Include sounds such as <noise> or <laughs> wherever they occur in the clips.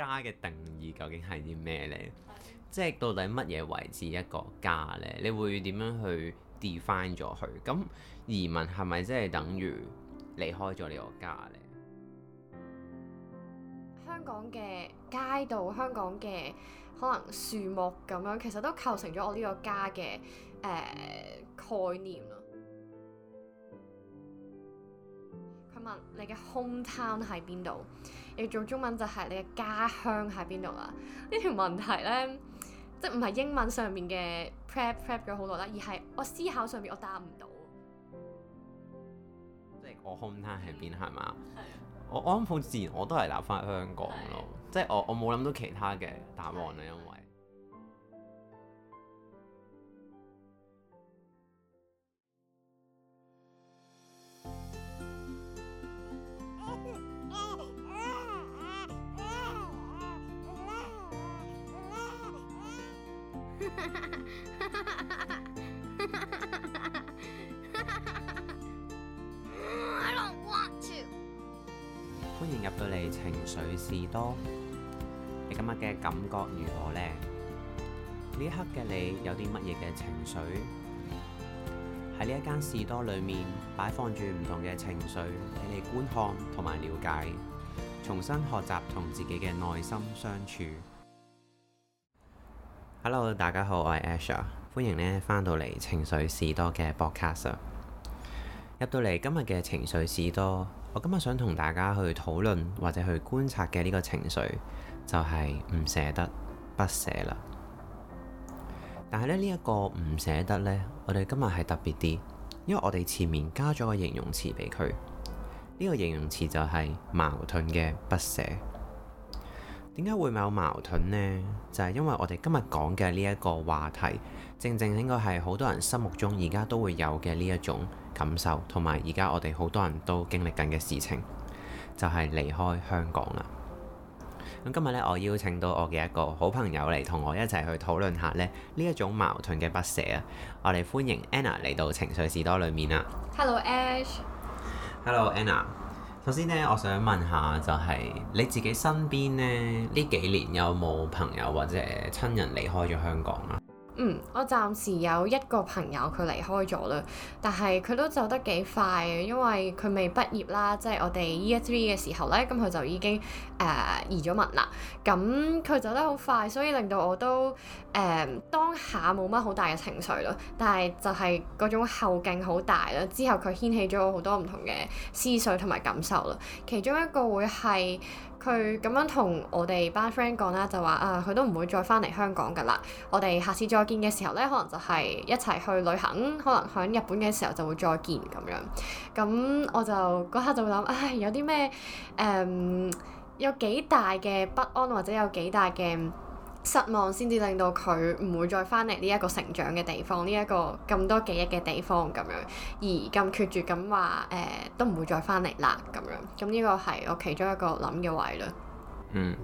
家嘅定義究竟係啲咩咧？即係 <music> 到底乜嘢為之一個家咧？你會點樣去 define 咗佢？咁移民係咪即係等於離開咗你個家咧？香港嘅街道、香港嘅可能樹木咁樣其實都構成咗我呢個家嘅誒、呃、概念啦。問你嘅 home town 喺邊度？要做中文就係你嘅家鄉喺邊度啦！呢條問題咧，即係唔係英文上面嘅 prep prep 咗好耐啦，而係我思考上面我答唔到。即係我 home town 喺邊係嘛？我我諗好自然，我都係留返香港咯。的即係我我冇諗到其他嘅答案啦，因為。 <laughs> I want 歡迎入到你情緒士多。你今日嘅感覺如何呢？呢一刻嘅你有啲乜嘢嘅情緒？喺呢一間士多裏面擺放住唔同嘅情緒，畀你觀看同埋了解，重新學習同自己嘅內心相處。Hello，大家好，我係 Asher，歡迎呢返到嚟情緒士多嘅播客上。入到嚟今日嘅情緒士多，我今日想同大家去討論或者去觀察嘅呢個情緒，就係唔捨得，不捨啦。但係呢一個唔捨得呢，我哋今日係特別啲，因為我哋前面加咗個形容詞俾佢。呢個形容詞就係矛盾嘅不捨。點解會冇矛盾呢？就係因為我哋今日講嘅呢一個話題，正正應該係好多人心目中而家都會有嘅呢一種感受，同埋而家我哋好多人都經歷緊嘅事情，就係離開香港啦。咁今日咧，我邀請到我嘅一個好朋友嚟同我一齊去討論下咧呢一種矛盾嘅不捨啊！我哋歡迎 Anna 嚟到情緒士多裏面啊。Hello Ash。Hello Anna。首先咧，我想問下，就係，就係你自己身邊咧呢幾年有冇朋友或者親人離開咗香港啊？嗯，我暫時有一個朋友佢離開咗啦，但係佢都走得幾快嘅，因為佢未畢業啦，即、就、係、是、我哋 E3 s 嘅時候咧，咁佢就已經誒、呃、移咗民啦。咁佢走得好快，所以令到我都誒、呃、當下冇乜好大嘅情緒咯。但係就係嗰種後勁好大啦，之後佢掀起咗好多唔同嘅思緒同埋感受啦。其中一個會係。佢咁樣同我哋班 friend 講啦，就話啊，佢都唔會再返嚟香港㗎喇。我哋下次再見嘅時候咧，可能就係一齊去旅行，可能喺日本嘅時候就會再見咁樣。咁我就嗰刻就會諗，唉，有啲咩誒，有幾大嘅不安或者有幾大嘅失望先至令到佢唔會再翻嚟呢一個成長嘅地方，呢、這、一個咁多記憶嘅地方咁樣，而咁決絕咁話誒，都唔會再翻嚟啦咁樣。咁呢個係我其中一個諗嘅位啦。嗯，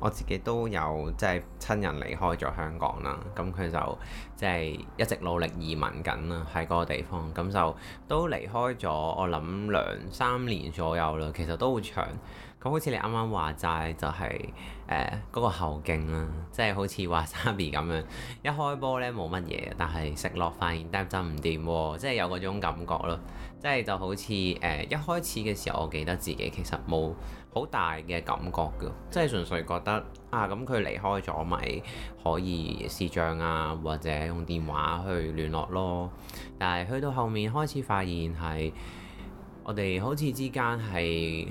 我自己都有即係、就是、親人離開咗香港啦，咁佢就即係、就是、一直努力移民緊啦，喺嗰個地方，咁就都離開咗我諗兩三年左右啦，其實都好長。咁好似你啱啱話齋，就係誒嗰個後勁啦，即係好似華生 B 咁樣，一開波呢冇乜嘢，但係食落發現得真唔掂喎，即係有嗰種感覺咯，即係就好似誒、呃、一開始嘅時候，我記得自己其實冇好大嘅感覺嘅，即係純粹覺得啊咁佢離開咗咪可以視像啊，或者用電話去聯絡咯，但係去到後面開始發現係我哋好似之間係。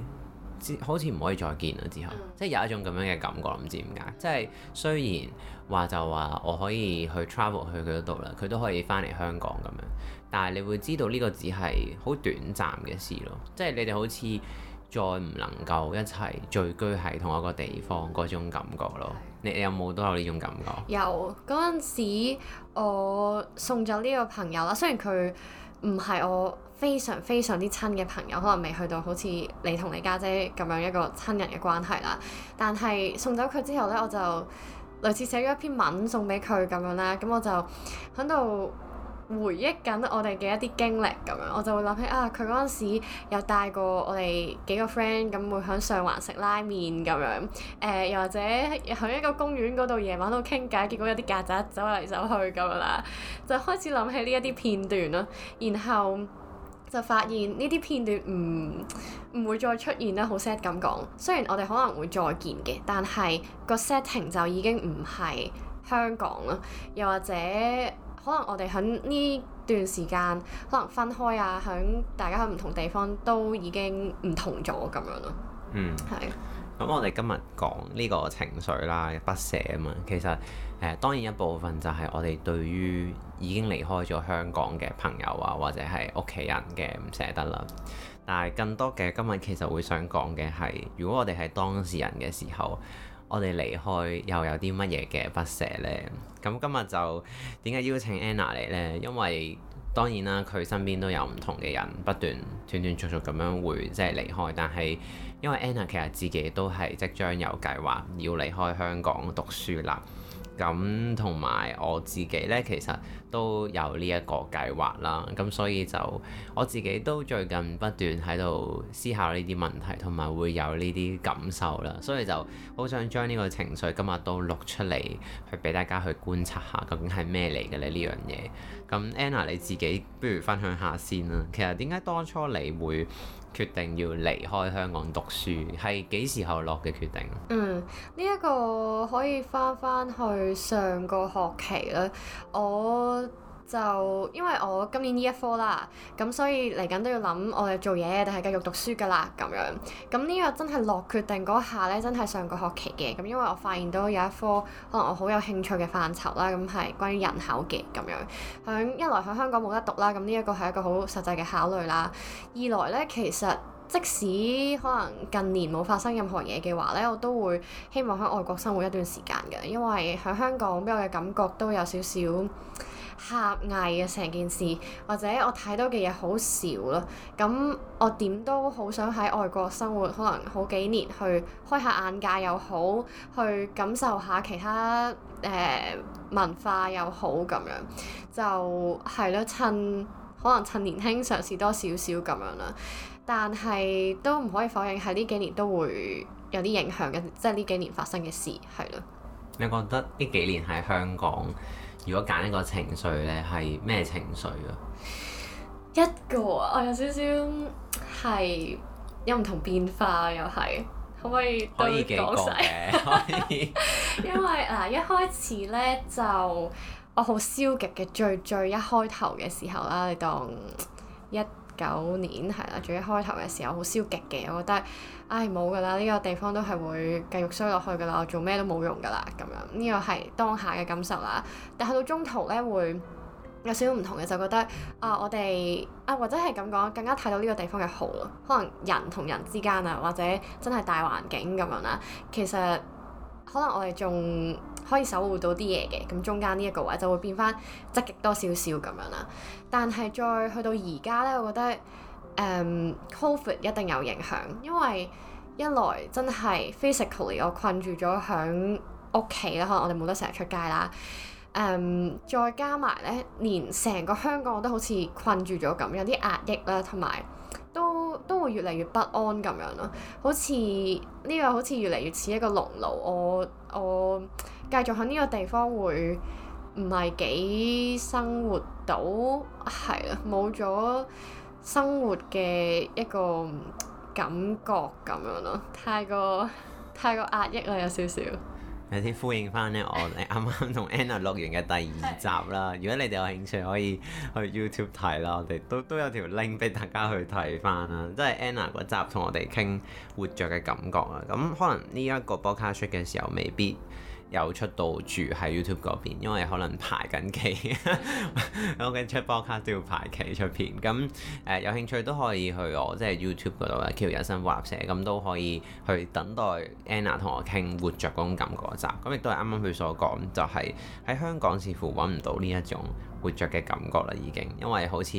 好似唔可以再見啦，之後、嗯、即係有一種咁樣嘅感覺，唔知點解。即係雖然話就話我可以去 travel 去佢度啦，佢都可以翻嚟香港咁樣，但係你會知道呢個只係好短暫嘅事咯。即係你哋好似再唔能夠一齊聚居喺同一個地方嗰種感覺咯。你有冇都有呢種感覺？嗯、有，嗰陣時，我送走呢個朋友啦，雖然佢。唔係我非常非常之親嘅朋友，可能未去到好似你同你家姐咁樣一個親人嘅關係啦。但係送走佢之後呢，我就類似寫咗一篇文送俾佢咁樣啦。咁我就喺度回憶緊我哋嘅一啲經歷咁樣，我就會諗起啊，佢嗰陣時有帶過我哋幾個 friend 咁，會響上環食拉麵咁樣，誒、呃，又或者響一個公園嗰度夜晚度傾偈，結果有啲曱甴走嚟走去咁啦，就開始諗起呢一啲片段啦，然後就發現呢啲片段唔唔、嗯、會再出現啦，好 sad 咁講。雖然我哋可能會再見嘅，但係、這個 setting 就已經唔係香港啦，又或者。可能我哋喺呢段時間，可能分開啊，響大家喺唔同地方都已經唔同咗咁樣咯。嗯，係。咁我哋今日講呢個情緒啦，不捨啊嘛。其實誒、呃，當然一部分就係我哋對於已經離開咗香港嘅朋友啊，或者係屋企人嘅唔捨得啦。但係更多嘅今日其實會想講嘅係，如果我哋係當事人嘅時候，我哋離開又有啲乜嘢嘅不捨呢？咁今日就點解邀請 Anna 嚟呢？因為當然啦，佢身邊都有唔同嘅人不斷斷斷續續咁樣會即係離開，但係因為 Anna 其實自己都係即將有計劃要離開香港讀書啦。咁同埋我自己呢，其實都有呢一個計劃啦。咁所以就我自己都最近不斷喺度思考呢啲問題，同埋會有呢啲感受啦。所以就好想將呢個情緒今日都錄出嚟，去俾大家去觀察下究竟係咩嚟嘅呢呢樣嘢。咁、這個、Anna 你自己不如分享下先啦。其實點解當初你會決定要離開香港讀書係幾時候落嘅決定？嗯，呢、這、一個可以返返去上個學期啦，我。就因為我今年呢一科啦，咁所以嚟緊都要諗，我哋做嘢定係繼續讀書噶啦。咁樣咁呢個真係落決定嗰下呢，真係上個學期嘅。咁因為我發現到有一科可能我好有興趣嘅範疇啦，咁係關於人口嘅咁樣。響一來響香港冇得讀啦，咁呢一個係一個好實際嘅考慮啦。二來呢，其實即使可能近年冇發生任何嘢嘅話呢，我都會希望喺外國生活一段時間嘅，因為喺香港俾我嘅感覺都有少少。狹隘嘅成件事，或者我睇到嘅嘢好少咯。咁我點都好想喺外國生活，可能好幾年去開下眼界又好，去感受下其他誒、呃、文化又好咁樣。就係咯，趁可能趁年輕嘗試多少少咁樣啦。但係都唔可以否認係呢幾年都會有啲影響嘅，即係呢幾年發生嘅事係咯。你覺得呢幾年喺香港？如果揀一個情緒咧，係咩情緒啊？一個啊，我有少少係有唔同變化，又係可唔可以對講細？可以 <laughs> 因為嗱，一開始咧就我好消極嘅，最最一開頭嘅時候啦，你當一九年係啦，最一開頭嘅時候好消極嘅，我覺得，唉冇㗎啦，呢個地方都係會繼續衰落去㗎啦，我做咩都冇用㗎啦，咁樣呢個係當下嘅感受啦。但係到中途呢，會有少少唔同嘅，就覺得啊，我哋啊或者係咁講，更加睇到呢個地方嘅好咯。可能人同人之間啊，或者真係大環境咁樣啦，其實可能我哋仲～可以守護到啲嘢嘅，咁中間呢一個位就會變翻積極多少少咁樣啦。但係再去到而家呢，我覺得、嗯、COVID 一定有影響，因為一來真係 physically 我困住咗喺屋企啦，可能我哋冇得成日出街啦。嗯、再加埋呢，連成個香港我都好似困住咗咁，有啲壓抑啦，同埋。都都會越嚟越不安咁樣咯，好似呢個，好似越嚟越似一個籠牢，我我繼續喺呢個地方會唔係幾生活到，係啊，冇咗生活嘅一個感覺咁樣咯，太過太過壓抑啦，有少少。有先呼應翻咧，我哋啱啱同 Anna 錄完嘅第二集啦。如果你哋有興趣，可以去 YouTube 睇啦。我哋都都有條 link 俾大家去睇翻啦。即係 Anna 嗰集同我哋傾活著嘅感覺啊。咁可能呢一個播 c a shake 嘅時候未必。有出到住喺 YouTube 嗰邊，因為可能排緊期，我 <laughs> 嘅出波卡都要排期出邊。咁誒，有興趣都可以去我即係 YouTube 嗰度嘅 Q 人生補習社，咁、就、都、是、可以去等待 Anna 同我傾活著嗰種感覺集。咁亦都係啱啱佢所講，就係、是、喺香港似乎揾唔到呢一種。活着嘅感覺啦，已經，因為好似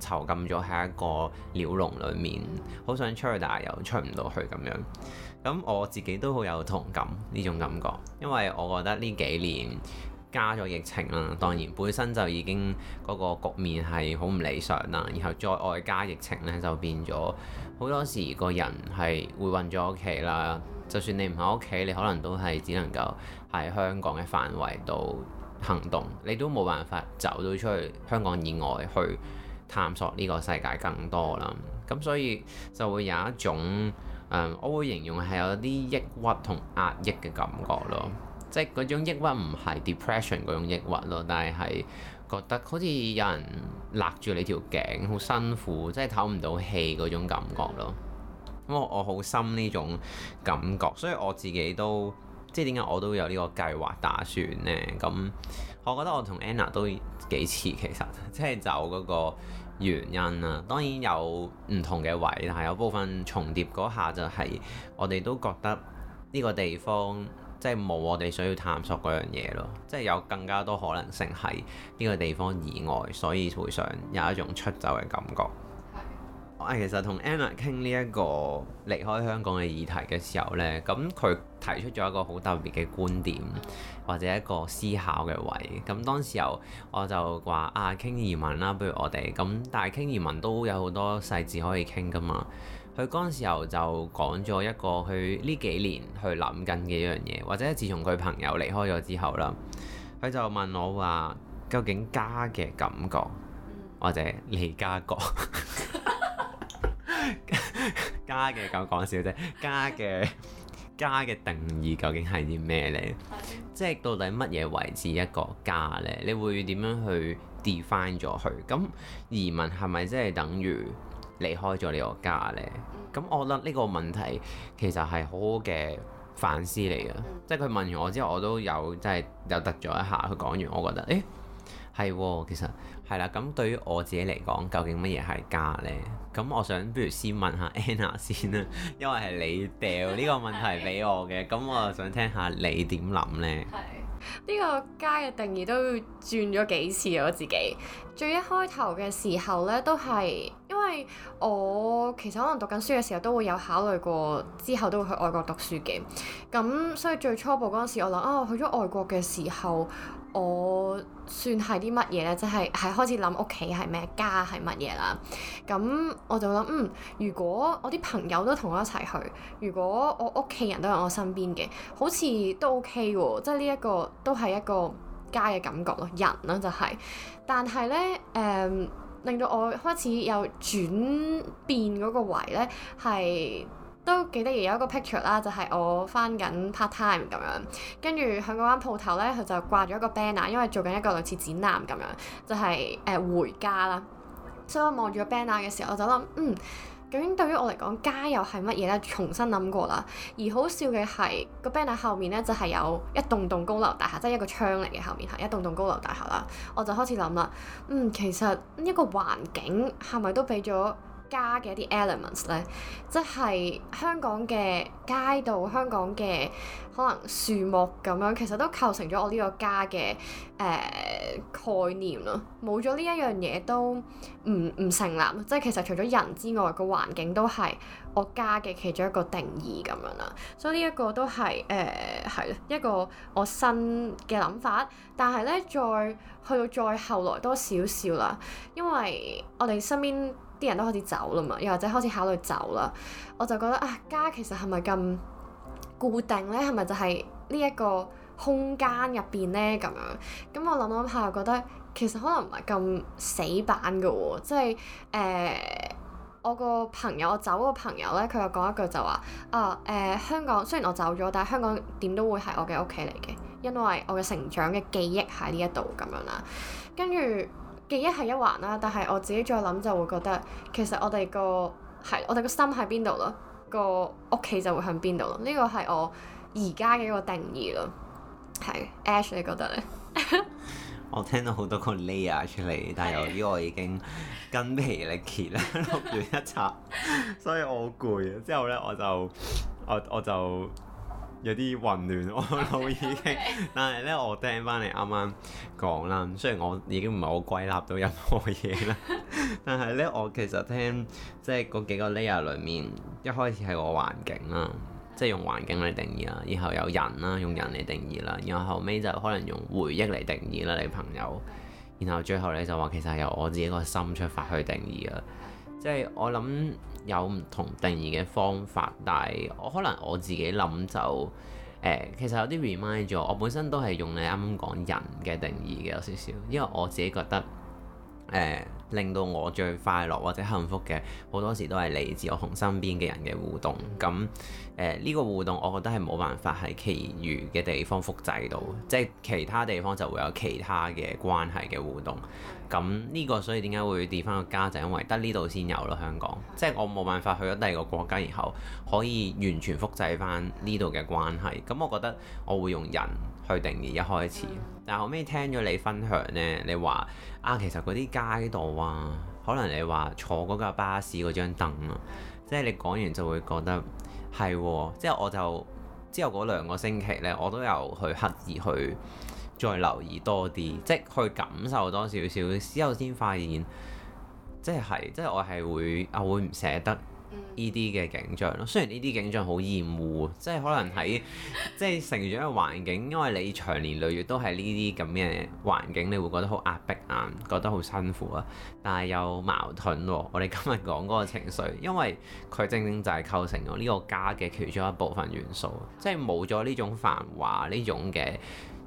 囚禁咗喺一個鳥籠裡面，好想出去但又出唔到去咁樣。咁我自己都好有同感呢種感覺，因為我覺得呢幾年加咗疫情啦，當然本身就已經嗰個局面係好唔理想啦，然後再外加疫情呢，就變咗好多時個人係會困咗喺屋企啦。就算你唔喺屋企，你可能都係只能夠喺香港嘅範圍度。行動你都冇辦法走到出去香港以外去探索呢個世界更多啦，咁所以就會有一種誒、嗯，我會形容係有啲抑鬱同壓抑嘅感覺咯，即係嗰種抑鬱唔係 depression 嗰種抑鬱咯，但係係覺得好似有人勒住你條頸，好辛苦，即係透唔到氣嗰種感覺咯。咁我我好深呢種感覺，所以我自己都。即係點解我都有呢個計劃打算呢？咁我覺得我同 Anna 都幾似其實，即係就嗰個原因啦。當然有唔同嘅位，但係有部分重疊嗰下就係我哋都覺得呢個地方即係冇我哋想要探索嗰樣嘢咯。即係有更加多可能性係呢個地方以外，所以會想有一種出走嘅感覺。啊，其實同 Anna 傾呢一個離開香港嘅議題嘅時候呢，咁佢提出咗一個好特別嘅觀點，或者一個思考嘅位。咁當時候我就話啊，傾移民啦，不如我哋咁。但係傾移民都有好多細節可以傾㗎嘛。佢嗰陣時候就講咗一個佢呢幾年去諗緊嘅一樣嘢，或者自從佢朋友離開咗之後啦，佢就問我話：究竟家嘅感覺，或者離家國？ <laughs> 家嘅咁講笑啫，家嘅家嘅定義究竟係啲咩呢？ <laughs> 即係到底乜嘢為止一個家呢？你會點樣去 define 咗佢？咁移民係咪即係等於離開咗你個家呢？咁我覺得呢個問題其實係好好嘅反思嚟嘅。即係佢問完我之後，我都有即係又得咗一下。佢講完，我覺得誒係喎，其實。係啦，咁對於我自己嚟講，究竟乜嘢係家呢？咁我想，不如先問下 Anna 先啦，因為係你掉呢個問題俾我嘅，咁 <laughs> 是的 我就想聽下你點諗呢？係呢、這個家嘅定義都轉咗幾次我自己。最一開頭嘅時候咧，都係因為我其實可能讀緊書嘅時候都會有考慮過，之後都會去外國讀書嘅。咁所以最初步嗰陣時我，我諗啊，去咗外國嘅時候，我算係啲乜嘢咧？即係係開始諗屋企係咩，家係乜嘢啦。咁我就諗，嗯，如果我啲朋友都同我一齊去，如果我屋企人都喺我身邊嘅，好似都 OK 喎。即係呢一個都係一個街嘅感覺咯，人啦就係、是，但係咧誒，令到我開始有轉變嗰個位咧，係都幾得意，有一個 picture 啦，就係、是、我返緊 part time 咁樣，跟住喺嗰間鋪頭咧，佢就掛咗一個 banner，因為做緊一個類似展覽咁樣，就係、是、誒、呃、回家啦。所以我望住個 banner 嘅時候，我就諗嗯。究竟對於我嚟講，家又係乜嘢咧？重新諗過啦，而好笑嘅係個 band 喺後面咧就係有一棟棟高樓大廈，即係一個窗嚟嘅後面係一棟棟高樓大廈啦。我就開始諗啦，嗯，其實呢一個環境係咪都俾咗家嘅一啲 elements 咧，即係香港嘅街道、香港嘅可能樹木咁樣，其實都構成咗我呢個家嘅誒、呃、概念咯。冇咗呢一樣嘢都唔唔成立，即係其實除咗人之外，個環境都係我家嘅其中一個定義咁樣啦。所以呢一個都係誒係啦一個我新嘅諗法，但係咧再去到再後來多少少啦，因為我哋身邊。啲人都開始走啦嘛，又或者開始考慮走啦，我就覺得啊，家其實係咪咁固定呢？係咪就係呢一個空間入邊呢？咁樣，咁我諗諗下，我覺得其實可能唔係咁死板㗎喎，即係誒我個朋友，我走個朋友呢，佢又講一句就話啊誒、呃、香港雖然我走咗，但係香港點都會係我嘅屋企嚟嘅，因為我嘅成長嘅記憶喺呢一度咁樣啦。跟住。記憶係一環啦，但係我自己再諗就會覺得，其實我哋個係我哋個心喺邊度咯，個屋企就會向邊度咯。呢、這個係我而家嘅一個定義咯。係 Ash，你覺得呢？ <laughs> 我聽到好多個 layer 出嚟，但係由於我已經筋疲力竭咧， <laughs> <laughs> 碌完一插，所以我好攰。之後呢，我就我我就。有啲混亂，我腦已經。但係咧，我聽翻你啱啱講啦。雖然我已經唔係好歸納到任何嘢啦，但係咧，我其實聽即係嗰幾個 layer 裏面，一開始係個環境啦，即係用環境嚟定義啦，然後有人啦，用人嚟定義啦，然後後尾就可能用回憶嚟定義啦，你朋友，然後最後咧就話其實係由我自己個心出發去定義啦。即係我諗有唔同定義嘅方法，但係我可能我自己諗就誒、呃，其實有啲 remind 咗我本身都係用你啱啱講人嘅定義嘅有少少，因為我自己覺得誒、呃、令到我最快樂或者幸福嘅好多時都係嚟自我同身邊嘅人嘅互動。咁誒呢個互動，我覺得係冇辦法喺其餘嘅地方複製到，即係其他地方就會有其他嘅關係嘅互動。咁呢個所以點解會跌翻個家就係、因為得呢度先有咯、啊、香港，即係我冇辦法去咗第二個國家，然後可以完全複製翻呢度嘅關係。咁我覺得我會用人去定義一開始，但後尾聽咗你分享呢，你話啊其實嗰啲街道啊，可能你話坐嗰架巴士嗰張凳啊，即係你講完就會覺得係、啊。即係我就之後嗰兩個星期呢，我都有去刻意去。再留意多啲，即係去感受多少少之後，先發現即係即係我係會啊，我會唔捨得呢啲嘅景象咯。雖然呢啲景象好厭惡，即係可能喺即係成長嘅環境，因為你長年累月都係呢啲咁嘅環境，你會覺得好壓迫啊，覺得好辛苦啊。但係有矛盾，我哋今日講嗰個情緒，因為佢正正就係構成咗呢個家嘅其中一部分元素，即係冇咗呢種繁華呢種嘅。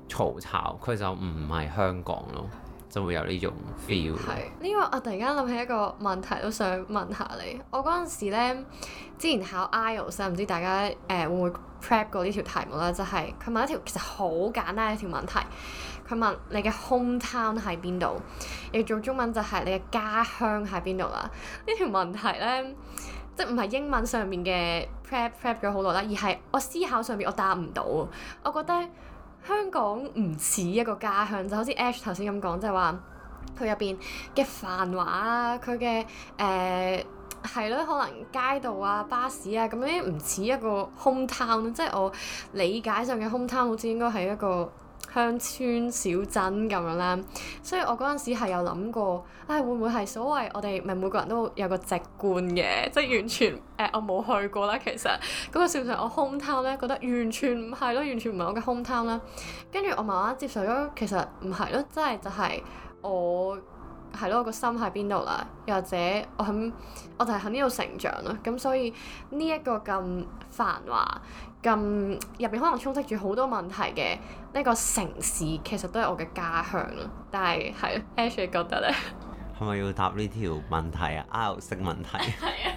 嘈吵，吵，佢就唔係香港咯，就會有呢種 feel。係，呢、這個我突然間諗起一個問題都想問下你。我嗰陣時咧，之前考 IELTS 唔知大家誒、呃、會唔會 prep 過呢條題目啦？就係、是、佢問一條其實好簡單一條問題，佢問你嘅 home town 喺邊度？要做中文就係你嘅家鄉喺邊度啦。呢條問題咧，即係唔係英文上面嘅 prep prep 咗好多啦，而係我思考上面我答唔到。我覺得。香港唔似一個家鄉，就好似 Ash 頭先咁講，即係話佢入邊嘅繁華啊，佢嘅誒係咯，可能街道啊、巴士啊咁樣，唔似一個 hometown。即係我理解上嘅 hometown，好似應該係一個鄉村小鎮咁樣咧，所以我嗰陣時係有諗過，唉、哎、會唔會係所謂我哋咪每個人都有個籍貫嘅，即係完全誒、呃、我冇去過啦。其實嗰、那個事情我 home town 咧覺得完全唔係咯，完全唔係我嘅 home town 啦。跟住我慢慢接受咗，其實唔係咯，即係就係我。係咯，我個心喺邊度啦？又或者我喺我就係喺呢度成長咯。咁所以呢一、這個咁繁華、咁入邊可能充斥住好多問題嘅呢、這個城市其，其實都係我嘅家鄉咯。但係係，Ash 你覺得咧，係咪要答呢條問題啊？R 式問題？係啊。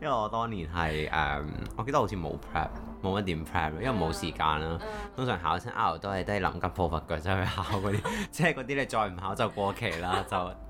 因為我當年係誒，um, 我記得好似冇 prep，冇乜點 prep，因為冇時間啦、啊。Uh, uh, 通常考親 R 都係都係臨急抱佛腳走去考嗰啲，即係嗰啲你再唔考就過期啦，就～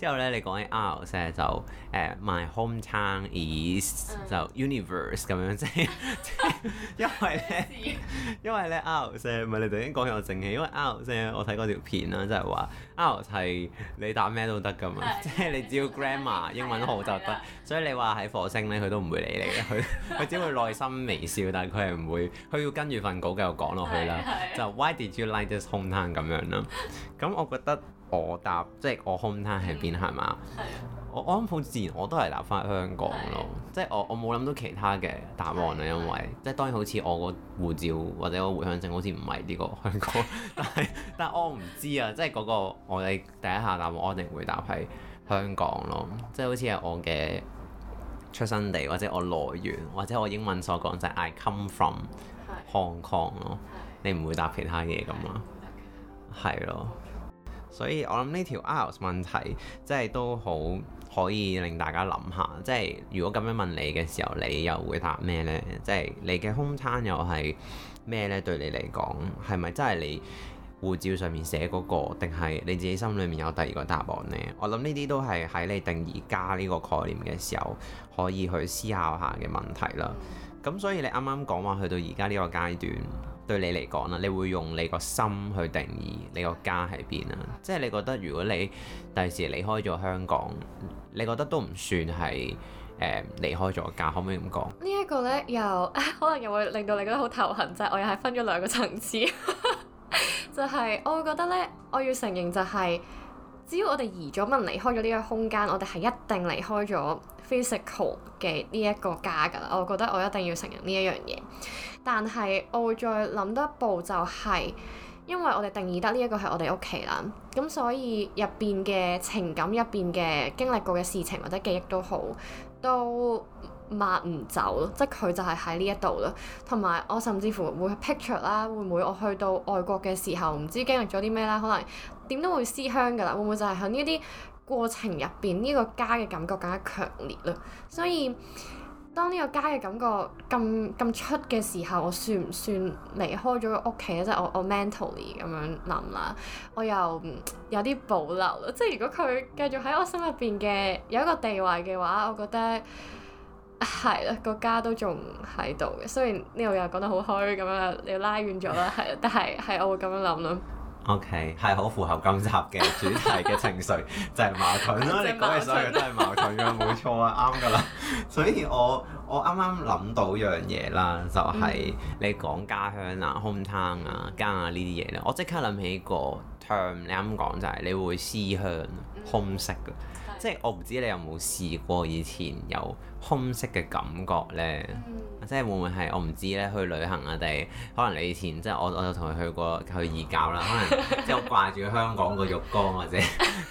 之後咧，你講起 R 聲就誒、啊，my hometown is 就 universe 咁、嗯、樣，即、就、係、是、 <laughs> 因為咧，因為咧 R 聲唔係你頭先講有正氣，因為 R 聲我睇過條片啦，即係話 R 係你答咩都得噶嘛，即係對你只要 grammar 英文好就得，所以你話喺火星咧，佢都唔會理你，佢佢只會內心微笑，但係佢係唔會，佢要跟住份稿繼續講落去啦，就 Why did you like this hometown 咁樣啦？咁 <laughs> 我覺得我答即係、就是、我 hometown 係邊？係嘛？ <music> 我我諗好自然，我都係答翻香港咯。 <music> 即係我我冇諗到其他嘅答案啊，因為即係當然好似我個護照或者我回鄉證好似唔係呢個香港，但係但係我唔知啊。即係、那、嗰個我哋第一下答我，我一定回答係香港咯。即係好似係我嘅出生地或者我來源或者我英文所講就係、是、I come from Hong Kong 咯。 <music> <music> 你唔會答其他嘢咁啊？係咯。 <music> 所以我諗呢條 Arts 問題，即係都好可以令大家諗下，即係如果咁樣問你嘅時候，你又會答咩呢？即係你嘅空餐又係咩呢？對你嚟講，係咪真係你護照上面寫嗰個，定係你自己心裏面有第二個答案呢？我諗呢啲都係喺你定義家呢個概念嘅時候，可以去思考下嘅問題啦。咁所以你啱啱講話去到而家呢個階段，對你嚟講啦，你會用你個心去定義你個家喺邊啊？即係你覺得如果你第時離開咗香港，你覺得都唔算係誒離開咗家，可唔可以咁講？呢一個呢，又可能又會令到你覺得好頭痕即係。就係、我又係分咗兩個層次， <laughs> 就係我會覺得呢，我要承認就係、係。只要我哋移咗民，離開咗呢個空間，我哋係一定離開咗 physical 嘅呢一個家噶啦。我覺得我一定要承認呢一樣嘢。但係我會再諗多一步，就是，就係因為我哋定義得呢一個係我哋屋企啦，咁所以入邊嘅情感，入邊嘅經歷過嘅事情或者記憶都好，都。抹唔走咯，即係佢就係喺呢一度咯。同埋我甚至乎會去 picture 啦，會唔會我去到外國嘅時候，唔知經歷咗啲咩啦？可能點都會思鄉噶啦。會唔會就係喺呢啲過程入邊，呢個家嘅感覺更加強烈啦？所以當呢個家嘅感覺咁咁出嘅時候，我算唔算離開咗屋企咧？即係我我 mentally 咁樣諗啦，我又有啲保留咯。即係如果佢繼續喺我心入邊嘅有一個地位嘅話，我覺得。係啦，個家都仲喺度嘅，雖然呢度又講得好虛咁樣，你拉遠咗啦，係，但係係我會咁樣諗啦。OK，係好符合今集嘅 <laughs> 主題嘅情緒就係矛盾啦。 <laughs> 你講嘅所有嘢都係矛盾嘅，冇 <laughs> 錯啊，啱噶啦。所以我我啱啱諗到樣嘢啦，就係、是、你講家鄉啊、home town、嗯、啊、家啊呢啲嘢啦，我即刻諗起個 term 你啱啱講就係你會思鄉 homesick。即係我唔知你有冇試過以前有空式嘅感覺呢？嗯、即係會唔會係我唔知呢？去旅行啊？定可能你以前即係我我就同佢去過去義教啦。可能 <laughs> 即係掛住香港個浴缸或者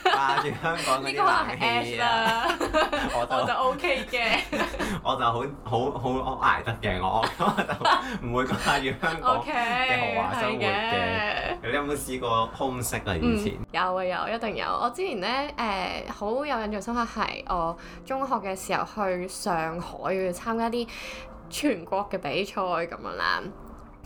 掛住香港嗰啲冷氣呀 <laughs> 我。我就就 OK 嘅，我就好好好我捱得嘅我，唔會掛住香港嘅豪華生活嘅。 <laughs> okay, 你有冇試過 homesick、嗯、啊？以前有啊有，一定有。我之前呢，誒、呃、好有印象深刻係我中學嘅時候去上海去參加啲全國嘅比賽咁樣啦。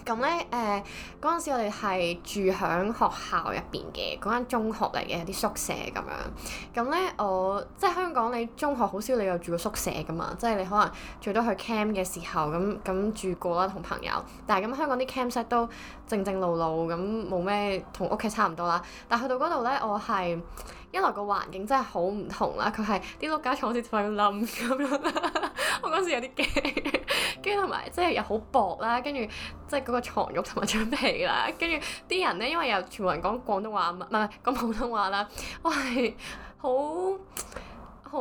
咁咧，誒，嗰陣時我哋係住喺學校入邊嘅嗰間中學嚟嘅啲宿舍咁樣。咁咧，我即係香港你中學好少你有住過宿舍噶嘛？即係你可能最多去 camp 嘅時候咁咁住過啦，同朋友。但係咁香港啲 campsite 都正正路路咁，冇咩同屋企差唔多啦。但係去到嗰度咧，我係一來個環境真係好唔同啦。佢係啲碌架牀好似瞓冧咁樣，我嗰時有啲驚。跟住同埋即係又好薄啦，跟住。即係嗰個床褥同埋張被啦，跟住啲人咧，因為又全部人講廣東話，唔係講普通話啦，我係好好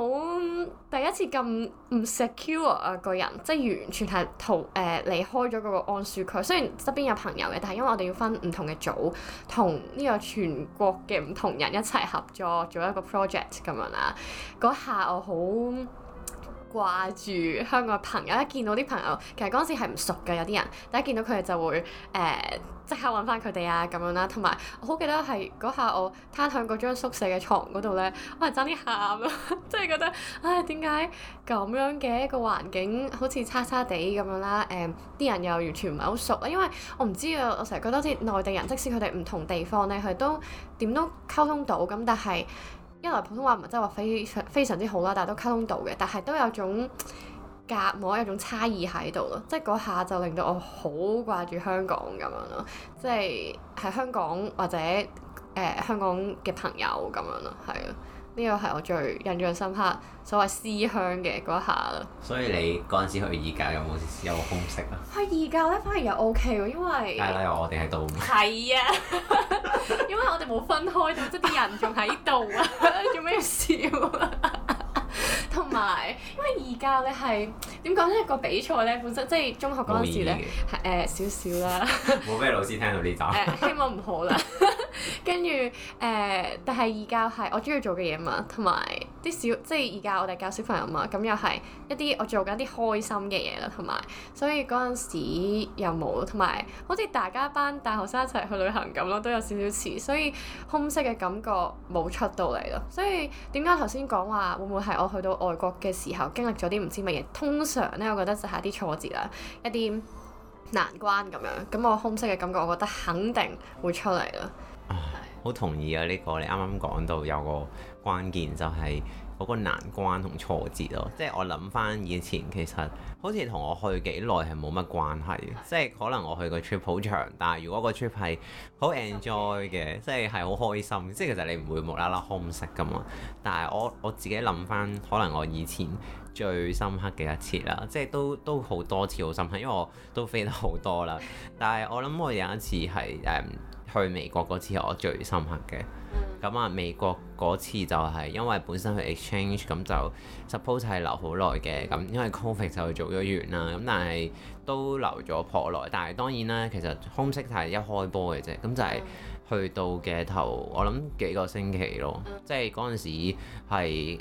第一次咁唔 secure 啊個人，即係完全係逃誒離開咗嗰個安舒區。雖然側邊有朋友嘅，但係因為我哋要分唔同嘅組，同呢個全國嘅唔同人一齊合作做一個 project 咁樣啦。嗰下我好～掛住香港嘅朋友，一見到啲朋友，其實嗰陣時係唔熟嘅有啲人，第一見到佢哋就會誒即刻揾翻佢哋啊咁樣啦。同埋我好記得係嗰下我攤喺嗰張宿舍嘅床嗰度呢，我係差啲喊啊，即 <laughs> 係覺得唉點解咁樣嘅一個環境好似差差哋咁樣啦？誒、呃、啲人又完全唔係好熟啊，因為我唔知啊，我成日覺得好似內地人，即使佢哋唔同地方呢，佢都點都溝通到咁，但係。一來普通話唔係真係話非常非常之好啦，但係都溝通到嘅，但係都有種隔膜，有種差異喺度咯，即係嗰下就令到我好掛住香港咁樣咯，即係喺香港或者誒、呃、香港嘅朋友咁樣咯，係啊。呢個係我最印象深刻，所謂思鄉嘅嗰一下啦。所以你嗰陣時去義教有冇有冇休息啊？去義教咧反而又 OK 喎，因為係啦，我哋喺度。係是啊 <laughs> 因， <laughs> <laughs> 因為我哋冇分開到，即啲人仲喺度啊，做咩要笑啊？同埋因為義教咧係點講咧？個比賽咧本身即係中學嗰陣時咧，誒少少啦。冇俾老師聽到呢集、呃。希望唔好啦。 <laughs> 跟住誒，但係而家係我中意做嘅嘢嘛，同埋啲小即係而家我哋教小朋友嘛，咁又係一啲我做緊啲開心嘅嘢啦，同埋所以嗰陣時又冇，同埋好似大家班大學生一齊去旅行咁咯，都有少少似，所以 homesick 嘅感覺冇出到嚟咯。所以點解頭先講話會唔會係我去到外國嘅時候經歷咗啲唔知乜嘢？通常呢，我覺得就係一啲挫折啦，一啲難關咁樣。咁我 homesick 嘅感覺，我覺得肯定會出嚟啦。啊，好同意啊！呢、這個你啱啱講到有個關鍵、就是，就係，嗰個難關同挫折咯，即係我諗翻以前其實好似同我去幾耐係冇乜關係嘅，即係可能我去個 trip 好長，但係如果個 trip 係好 enjoy 嘅， <noise> 即係係好開心，即係其實你唔會無啦啦 homesick 噶嘛。但係我我自己諗翻，可能我以前最深刻嘅一次啦，即係都都好多次好深刻，因為我都飛得好多啦。但係我諗我有一次係誒、嗯、去美國嗰次係我最深刻嘅。咁啊，美國嗰次就係因為本身去 exchange，咁就 suppose 係留好耐嘅，咁因為 COVID 就做咗完啦，咁但係都留咗頗耐。但係當然啦，其實空息就係一開波嘅啫，咁就係去到嘅頭，我諗幾個星期咯，即係嗰陣時係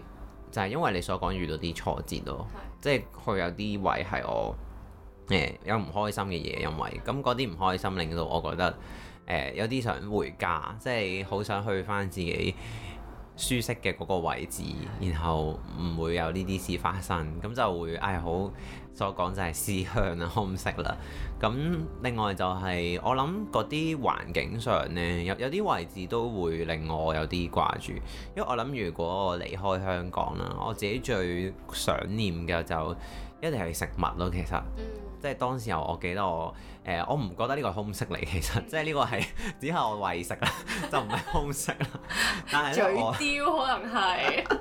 就係、是、因為你所講遇到啲挫折咯，即係佢有啲位係我誒、欸、有唔開心嘅嘢，因為咁嗰啲唔開心令到我覺得。呃、有啲想回家，即係好想去翻自己舒適嘅嗰個位置，然後唔會有呢啲事發生，咁就會唉、哎，好所講就係思鄉啊、homesickness 啦。咁另外就係、是、我諗嗰啲環境上呢，有有啲位置都會令我有啲掛住，因為我諗如果我離開香港啦，我自己最想念嘅就是、一定係食物咯，其實。即係當時候，我記得我誒、呃，我唔覺得呢個係 homesick 嚟，其實，即係呢個係只係我為食啦， <laughs> <laughs> <laughs> 就唔係 homesick 啦。但係咧，丟我可能係， <laughs>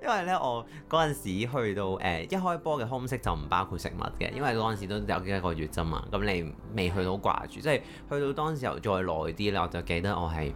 <laughs> 因為呢我嗰陣時去到誒、呃、一開波嘅 homesick，就唔包括食物嘅，因為嗰陣時都有幾個月啫嘛，咁你未去到掛住，即係去到當時候再耐啲啦，我就記得我係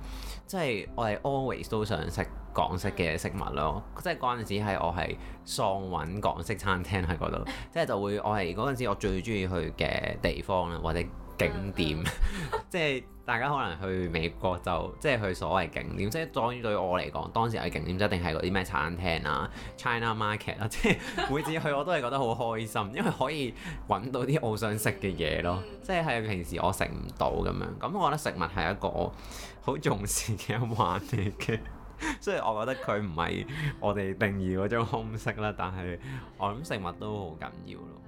即係我係 always 都想食。港式嘅食物咯，即係嗰陣時係我係喪揾港式餐廳喺嗰度， <laughs> 即係就會我係嗰陣時我最中意去嘅地方啦，或者景點。 <laughs> 即係大家可能去美國就即係去所謂景點，即係當然對於我嚟講，當時係景點一定係嗰啲咩餐廳啊、 <laughs> China Market 啊，即係每次去我都係覺得好開心， <laughs> 因為可以揾到啲我想食嘅嘢咯，即係平時我食唔到咁樣。咁我覺得食物係一個好重視嘅一環嚟嘅。所以我覺得佢唔係我哋定義嗰種空色啦，但係我諗食物都好緊要咯。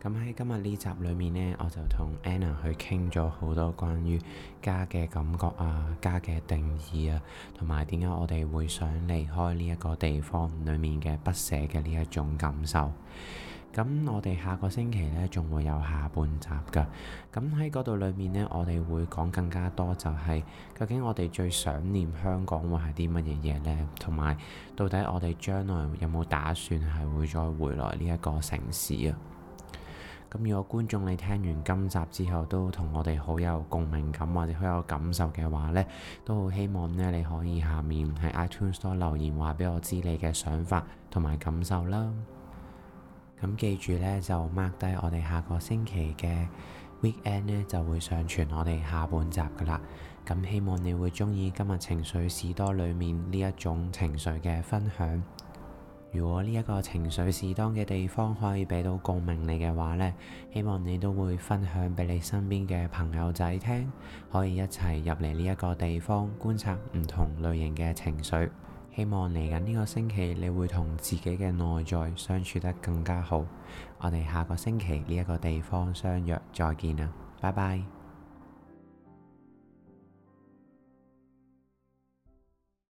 咁喺今日呢集裏面呢，我就同 Anna 去傾咗好多關於家嘅感覺啊、家嘅定義啊，同埋點解我哋會想離開呢一個地方裏面嘅不捨嘅呢一種感受。咁我哋下個星期呢，仲會有下半集㗎。咁喺嗰度裏面呢，我哋會講更加多、就是，就係究竟我哋最想念香港會係啲乜嘢嘢呢？同埋到底我哋將來有冇打算係會再回來呢一個城市啊？咁如果觀眾你聽完今集之後，都同我哋好有共鳴感或者好有感受嘅話呢，都好希望呢，你可以下面喺 iTunes Store 留言話俾我知你嘅想法同埋感受啦。咁記住呢，就 mark 低我哋下個星期嘅 weekend 呢，就會上傳我哋下半集噶啦。咁希望你會中意今日情緒士多裏面呢一種情緒嘅分享。如果呢一個情緒士多嘅地方可以俾到共鳴你嘅話呢，希望你都會分享俾你身邊嘅朋友仔聽，可以一齊入嚟呢一個地方觀察唔同類型嘅情緒。希望嚟緊呢個星期，你會同自己嘅內在相處得更加好。我哋下個星期呢一個地方相約，再見啦，拜拜。